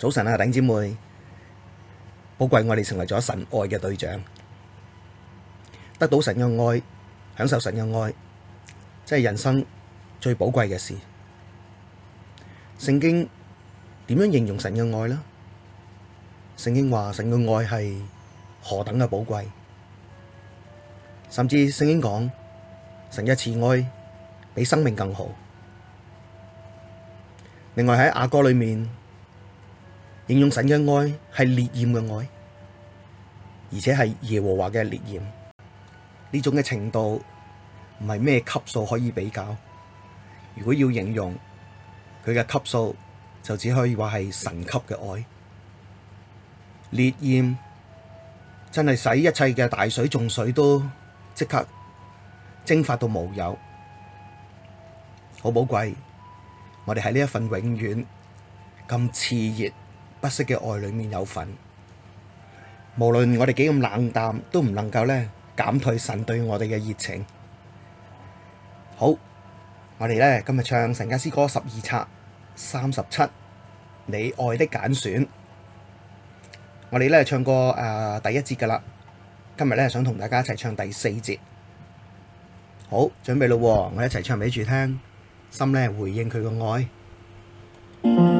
早晨啊，頂姐妹，寶貴，我哋成為咗神愛嘅對象，得到神嘅愛，享受神嘅愛，即係人生最寶貴嘅事。聖經點樣形容神嘅愛呢？聖經話神嘅愛係何等嘅寶貴，甚至聖經講神嘅慈愛比生命更好。另外喺阿哥裏面。形容神嘅愛係烈焰嘅愛，而且係耶和華嘅烈焰，呢種嘅程度唔係咩級數可以比較。如果要形容佢嘅級數，就只可以話係神級嘅愛。烈焰真係使一切嘅大水、眾水都即刻蒸發到冇有，好寶貴。我哋喺呢一份永遠咁熾熱不息嘅愛裏面有份，無論我哋幾咁冷淡，都唔能夠呢減退神對我哋嘅熱情。好，我哋呢，今日唱神家詩歌十二冊三十七，37, 你愛的揀選。我哋呢，唱過誒、呃、第一節噶啦，今日呢，想同大家一齊唱第四節。好，準備咯，我一齊唱俾主聽，心呢，回應佢嘅愛。嗯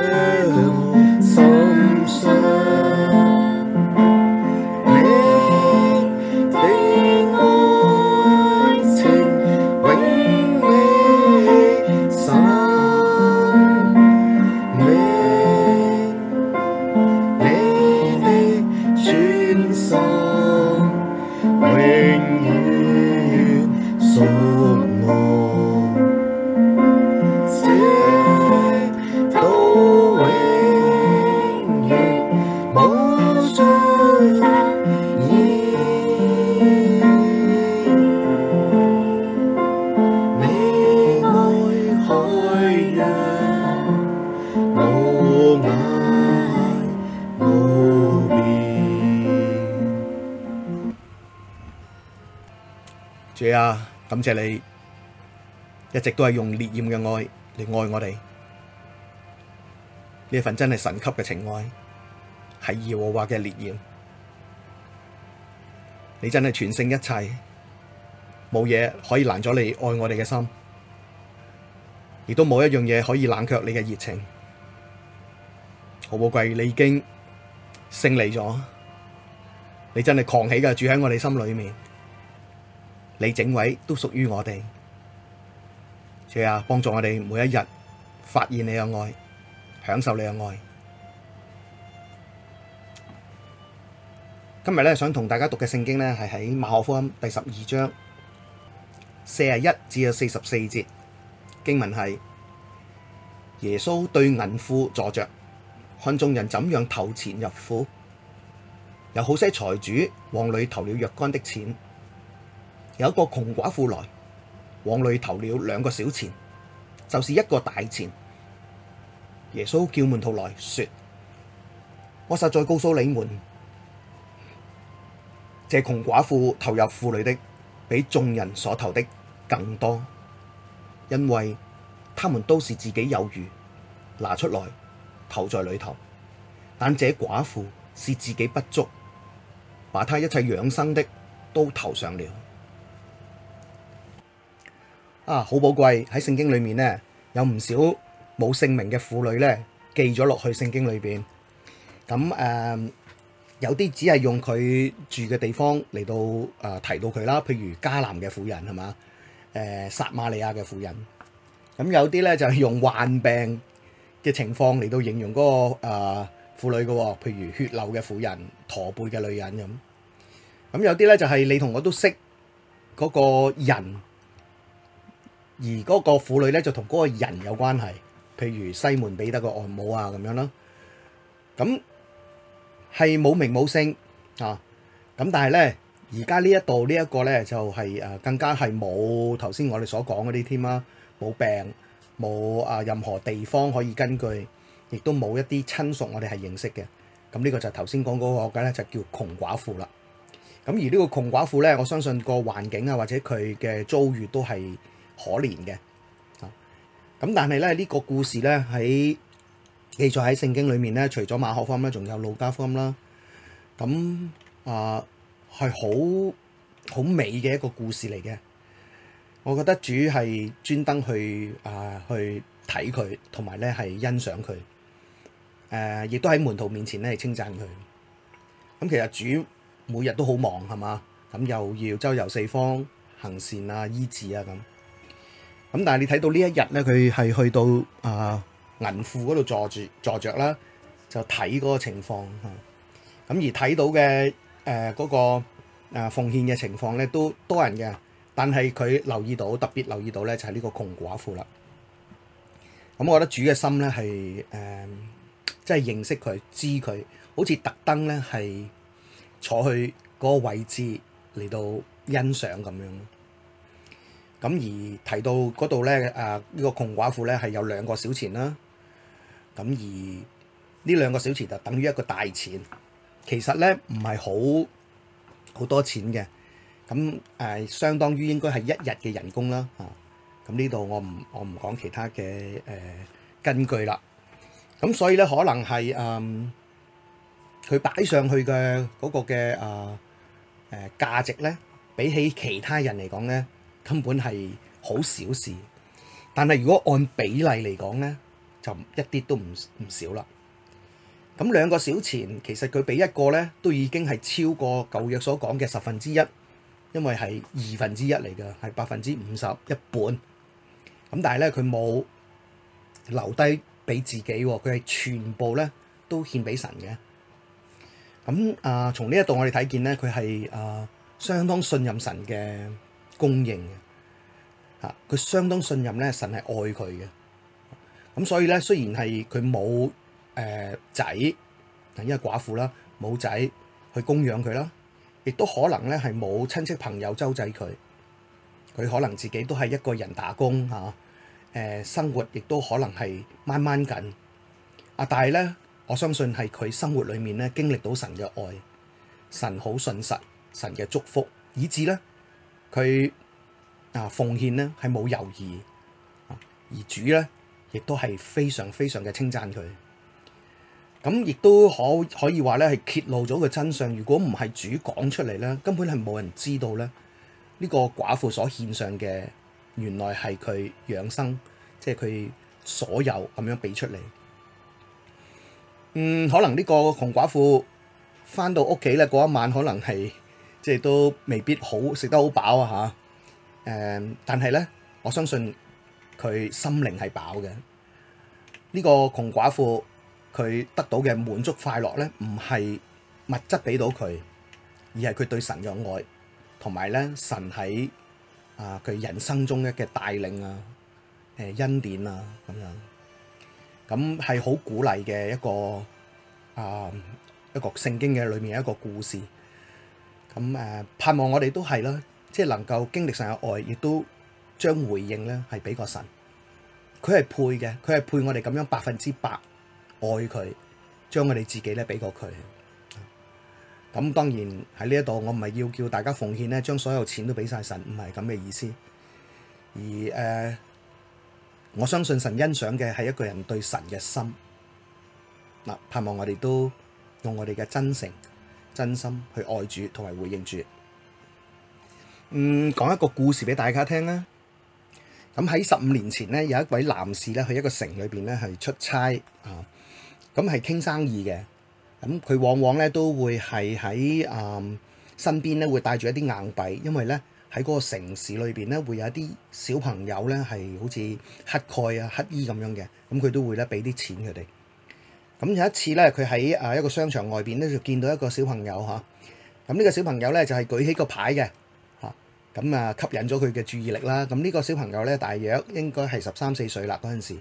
感謝你一直都係用烈焰嘅愛嚟愛我哋，呢份真係神級嘅情愛，係耶和華嘅烈焰。你真係全勝一切，冇嘢可以攔咗你愛我哋嘅心，亦都冇一樣嘢可以冷卻你嘅熱情。何寶貴，你已經勝利咗，你真係狂喜嘅住喺我哋心裏面。你整位都屬於我哋，謝啊！幫助我哋每一日發現你嘅愛，享受你嘅愛。今日咧想同大家讀嘅聖經咧係喺馬可福音第十二章四十一至到四十四節。經文係耶穌對銀庫坐着，看眾人怎樣投錢入庫，有好些財主往裡投了若干的錢。有一個窮寡婦來，往裏投了兩個小錢，就是一個大錢。耶穌叫門徒來說：我實在告訴你們，這窮寡婦投入庫裡的，比眾人所投的更多，因為他們都是自己有餘，拿出來投在裏頭；但這寡婦是自己不足，把她一切養生的都投上了。啊，好寶貴，喺聖經裏面呢，有唔少冇姓名嘅婦女呢記咗落去聖經裏邊。咁、嗯、誒，有啲只係用佢住嘅地方嚟到誒、呃、提到佢啦，譬如迦南嘅婦人係嘛，誒撒瑪利亞嘅婦人。咁、呃嗯、有啲呢就係、是、用患病嘅情況嚟到形容嗰、那個誒、呃、婦女噶、哦，譬如血漏嘅婦人、駝背嘅女人咁。咁、嗯、有啲呢就係、是、你同我都識嗰個人。而嗰個婦女咧就同嗰個人有關係，譬如西門彼得個岳母啊咁樣啦，咁係冇名冇姓啊，咁但係咧而家呢一度、這個、呢一個咧就係、是、誒、啊、更加係冇頭先我哋所講嗰啲添啦，冇病冇啊任何地方可以根據，亦都冇一啲親屬我哋係認識嘅，咁、啊、呢、這個就係頭先講嗰個嘅咧就叫窮寡婦啦。咁、啊、而呢個窮寡婦咧，我相信個環境啊或者佢嘅遭遇都係。可憐嘅啊！咁、嗯、但係咧，呢、這個故事咧喺記載喺聖經裏面咧，除咗馬可福音咧，仲有路加福音啦。咁啊，係好好美嘅一個故事嚟嘅。我覺得主係專登去啊、呃、去睇佢，同埋咧係欣賞佢。誒、呃，亦都喺門徒面前咧稱讚佢。咁、嗯、其實主每日都好忙係嘛，咁又要周遊四方行善啊、醫治啊咁。咁但係你睇到呢一日咧，佢係去到啊、呃、銀庫嗰度坐住坐着啦，就睇嗰個情況。咁、嗯、而睇到嘅誒嗰個奉獻嘅情況咧，都多人嘅。但係佢留意到，特別留意到咧，就係、是、呢個窮寡婦啦。咁、嗯、我覺得主嘅心咧係誒，即係、呃、認識佢、知佢，好似特登咧係坐去嗰個位置嚟到欣賞咁樣。咁而提到嗰度咧，啊呢、這個窮寡婦咧係有兩個小錢啦。咁、啊、而呢兩個小錢就等於一個大錢，其實咧唔係好好多錢嘅。咁、啊、誒，相當於應該係一日嘅人工啦。啊，咁呢度我唔我唔講其他嘅誒、呃、根據啦。咁、啊、所以咧，可能係誒佢擺上去嘅嗰個嘅啊誒價、啊啊、值咧，比起其他人嚟講咧。根本係好小事，但係如果按比例嚟講呢，就一啲都唔唔少啦。咁兩個小錢其實佢俾一個呢，都已經係超過舊約所講嘅十分之一，因為係二分之一嚟㗎，係百分之五十一半。咁但係呢，佢冇留低俾自己，佢係全部呢都獻俾神嘅。咁啊，從呢一度我哋睇見呢，佢係啊相當信任神嘅。供應嘅，吓、啊、佢相當信任咧，神係愛佢嘅。咁、啊、所以咧，雖然係佢冇誒仔，嗱因為寡婦啦冇仔去供養佢啦，亦都可能咧係冇親戚朋友周濟佢，佢可能自己都係一個人打工吓，誒、啊呃、生活亦都可能係掹掹緊，啊但係咧，我相信係佢生活裏面咧經歷到神嘅愛，神好信實，神嘅祝福，以至咧。佢啊，奉獻咧係冇猶豫，而主咧亦都係非常非常嘅稱讚佢。咁亦都可可以話咧係揭露咗個真相。如果唔係主講出嚟咧，根本係冇人知道咧。呢個寡婦所獻上嘅，原來係佢養生，即係佢所有咁樣俾出嚟。嗯，可能呢個窮寡婦返到屋企咧，嗰一晚可能係。即係都未必好食得好飽啊！吓，誒，但係咧，我相信佢心靈係飽嘅。呢個窮寡婦佢得到嘅滿足快樂咧，唔係物質俾到佢，而係佢對神有愛，同埋咧神喺啊佢人生中嘅帶領啊，誒恩典啊咁樣，咁係好鼓勵嘅一個啊一個聖經嘅裡面一個故事。咁誒、嗯，盼望我哋都係啦，即係能夠經歷上嘅愛，亦都將回應咧係俾個神，佢係配嘅，佢係配我哋咁樣百分之百愛佢，將我哋自己咧俾過佢。咁、嗯、當然喺呢一度，我唔係要叫大家奉獻咧，將所有錢都俾晒神，唔係咁嘅意思。而誒、呃，我相信神欣賞嘅係一個人對神嘅心。嗱、嗯，盼望我哋都用我哋嘅真誠。真心去愛主同埋回應主。嗯，講一個故事俾大家聽啦。咁喺十五年前呢，有一位男士咧去一個城裏邊咧係出差啊，咁係傾生意嘅。咁佢往往咧都會係喺啊身邊咧會帶住一啲硬幣，因為咧喺嗰個城市裏邊咧會有一啲小朋友咧係好似乞丐啊乞衣咁樣嘅，咁佢都會咧俾啲錢佢哋。咁有一次咧，佢喺啊一個商場外邊咧就見到一個小朋友嚇。咁、啊、呢個小朋友咧就係、是、舉起個牌嘅嚇。咁啊吸引咗佢嘅注意力啦。咁、啊、呢個小朋友咧，大約應該係十三四歲啦嗰陣時。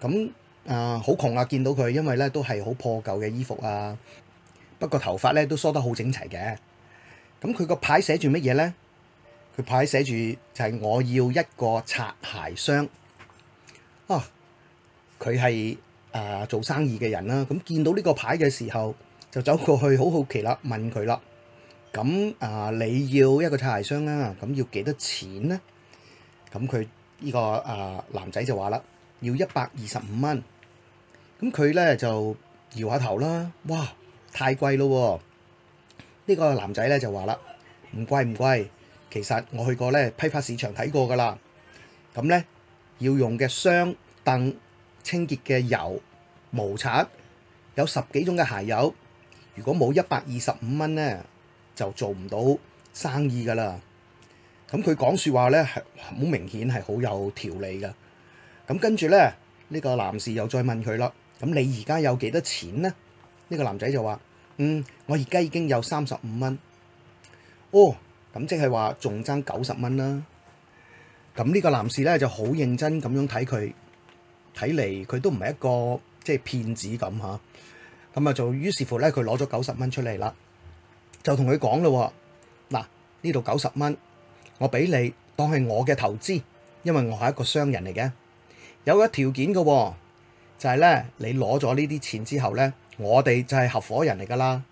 咁啊好窮啊，見到佢，因為咧都係好破舊嘅衣服啊。不過頭髮咧都梳得好整齊嘅。咁佢個牌寫住乜嘢咧？佢牌寫住就係我要一個擦鞋箱。啊，佢係。啊，做生意嘅人啦，咁、啊、見到呢個牌嘅時候，就走過去好好奇啦，問佢啦。咁啊，你要一個擦鞋箱啦、啊，咁、啊、要幾多錢呢？啊，咁佢呢個啊男仔就話啦，要一百二十五蚊。咁佢咧就搖下頭啦，哇，太貴咯、啊！呢、呢個男仔咧就話啦，唔貴唔貴，其實我去過咧批發市場睇過噶啦。咁、啊、咧要用嘅箱凳清潔嘅油、毛刷、有十幾種嘅鞋油，如果冇一百二十五蚊呢，就做唔到生意噶啦。咁佢講說話呢，係好明顯係好有條理噶。咁跟住呢，呢個男士又再問佢啦。咁你而家有幾多錢呢？呢個男仔就話：嗯，我而家已經有三十五蚊。哦，咁即係話仲爭九十蚊啦。咁呢個男士呢，就好認真咁樣睇佢。睇嚟佢都唔係一個即係騙子咁嚇，咁啊就於是乎咧，佢攞咗九十蚊出嚟啦，就同佢講咯，嗱，呢度九十蚊我俾你當係我嘅投資，因為我係一個商人嚟嘅，有一個條件嘅，就係咧你攞咗呢啲錢之後咧，我哋就係合夥人嚟噶啦。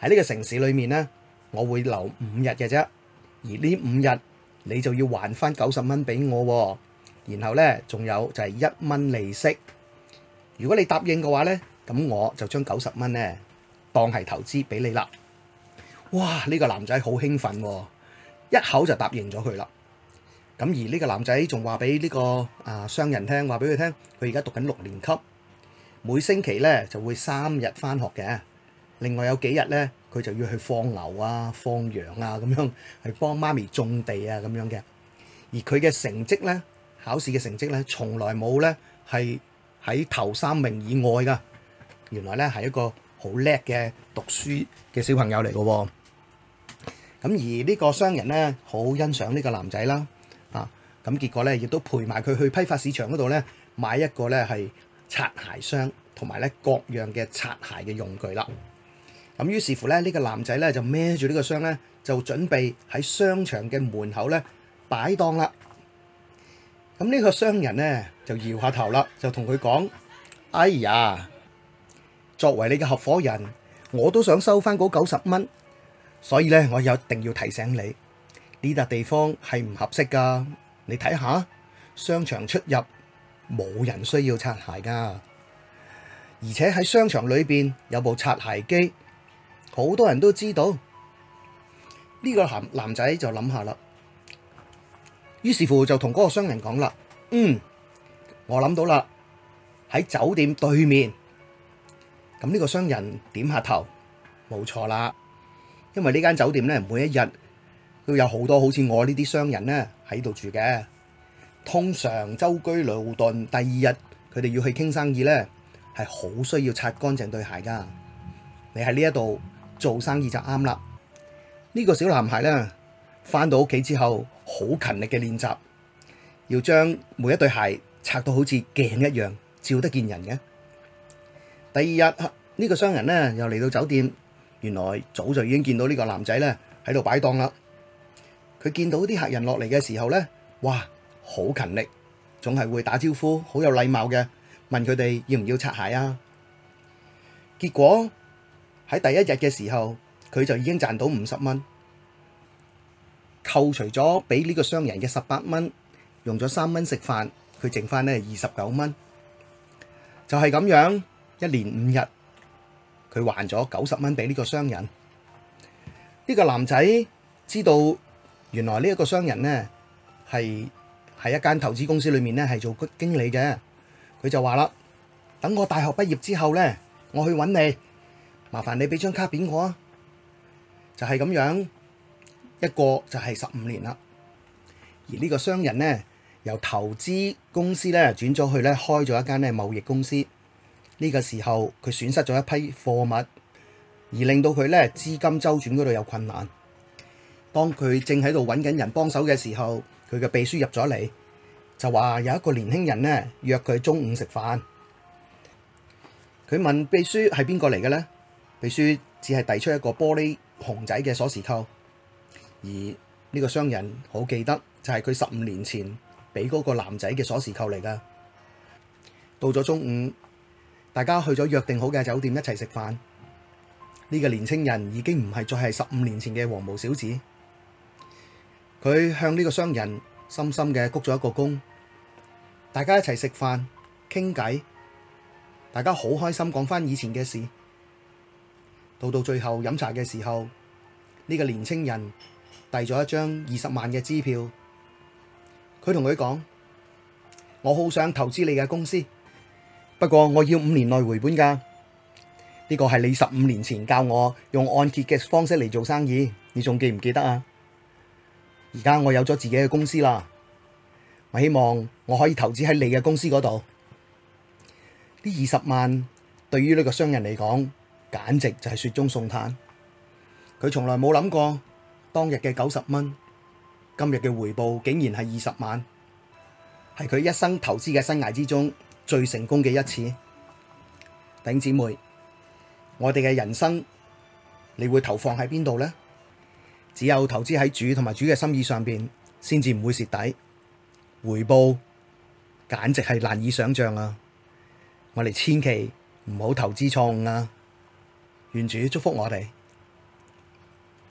喺呢個城市裏面咧，我會留五日嘅啫，而呢五日你就要還翻九十蚊俾我。然後咧，仲有就係一蚊利息。如果你答應嘅話咧，咁我就將九十蚊咧當係投資俾你啦。哇！呢、這個男仔好興奮喎、啊，一口就答應咗佢啦。咁而呢個男仔仲話俾呢個啊商人聽，話俾佢聽，佢而家讀緊六年級，每星期咧就會三日返學嘅。另外有幾日咧，佢就要去放牛啊、放羊啊咁樣，係幫媽咪種地啊咁樣嘅。而佢嘅成績咧～考試嘅成績咧，從來冇咧係喺頭三名以外㗎。原來咧係一個好叻嘅讀書嘅小朋友嚟嘅喎。咁而呢個商人咧，好欣賞呢個男仔啦。啊，咁結果咧，亦都陪埋佢去批發市場嗰度咧，買一個咧係擦鞋箱，同埋咧各樣嘅擦鞋嘅用具啦。咁於是乎咧，呢個男仔咧就孭住呢個箱咧，就準備喺商場嘅門口咧擺檔啦。咁呢個商人呢，就搖下頭啦，就同佢講：哎呀，作為你嘅合夥人，我都想收翻嗰九十蚊，所以呢，我有一定要提醒你呢笪、這個、地方係唔合適噶。你睇下，商場出入冇人需要擦鞋噶，而且喺商場裏邊有部擦鞋機，好多人都知道。呢、這個男男仔就諗下啦。於是乎就同嗰個商人講啦，嗯，我諗到啦，喺酒店對面。咁呢個商人點下頭，冇錯啦。因為呢間酒店咧，每一日都有好多好似我呢啲商人咧喺度住嘅。通常周居勞頓，第二日佢哋要去傾生意咧，係好需要擦乾淨對鞋噶。你喺呢一度做生意就啱啦。呢個小男孩咧，翻到屋企之後。好勤力嘅練習，要將每一對鞋擦到好似鏡一樣，照得見人嘅。第二日，呢個商人呢又嚟到酒店，原來早就已經見到呢個男仔咧喺度擺檔啦。佢見到啲客人落嚟嘅時候呢，哇，好勤力，總係會打招呼，好有禮貌嘅，問佢哋要唔要擦鞋啊。結果喺第一日嘅時候，佢就已經賺到五十蚊。扣除咗俾呢個商人嘅十八蚊，用咗三蚊食飯，佢剩翻呢二十九蚊，就係咁樣，一年五日，佢還咗九十蚊俾呢個商人。呢個男仔知道原來呢一個商人呢係喺一間投資公司裏面呢係做經理嘅，佢就話啦：等我大學畢業之後呢，我去揾你，麻煩你俾張卡片我啊，就係咁樣。一過就係十五年啦，而呢個商人呢，由投資公司呢轉咗去呢，開咗一間呢貿易公司，呢個時候佢損失咗一批貨物，而令到佢呢資金周轉嗰度有困難。當佢正喺度揾緊人幫手嘅時候，佢嘅秘書入咗嚟，就話有一個年輕人呢約佢中午食飯。佢問秘書係邊個嚟嘅呢？秘書只係遞出一個玻璃熊仔嘅鎖匙扣。而呢個商人好記得，就係佢十五年前俾嗰個男仔嘅鎖匙扣嚟噶。到咗中午，大家去咗約定好嘅酒店一齊食飯。呢個年青人已經唔係再係十五年前嘅黃毛小子，佢向呢個商人深深嘅鞠咗一個躬。大家一齊食飯傾偈，大家好開心講翻以前嘅事。到到最後飲茶嘅時候，呢個年青人。遞咗一張二十萬嘅支票，佢同佢講：我好想投資你嘅公司，不過我要五年內回本㗎。呢個係你十五年前教我用按揭嘅方式嚟做生意，你仲記唔記得啊？而家我有咗自己嘅公司啦，我希望我可以投資喺你嘅公司嗰度。呢二十萬對於呢個商人嚟講，簡直就係雪中送炭。佢從來冇諗過。當日嘅九十蚊，今日嘅回報竟然係二十萬，係佢一生投資嘅生涯之中最成功嘅一次。弟兄姊妹，我哋嘅人生，你會投放喺邊度呢？只有投資喺主同埋主嘅心意上邊，先至唔會蝕底，回報簡直係難以想象啊！我哋千祈唔好投資錯誤啊！願主祝福我哋。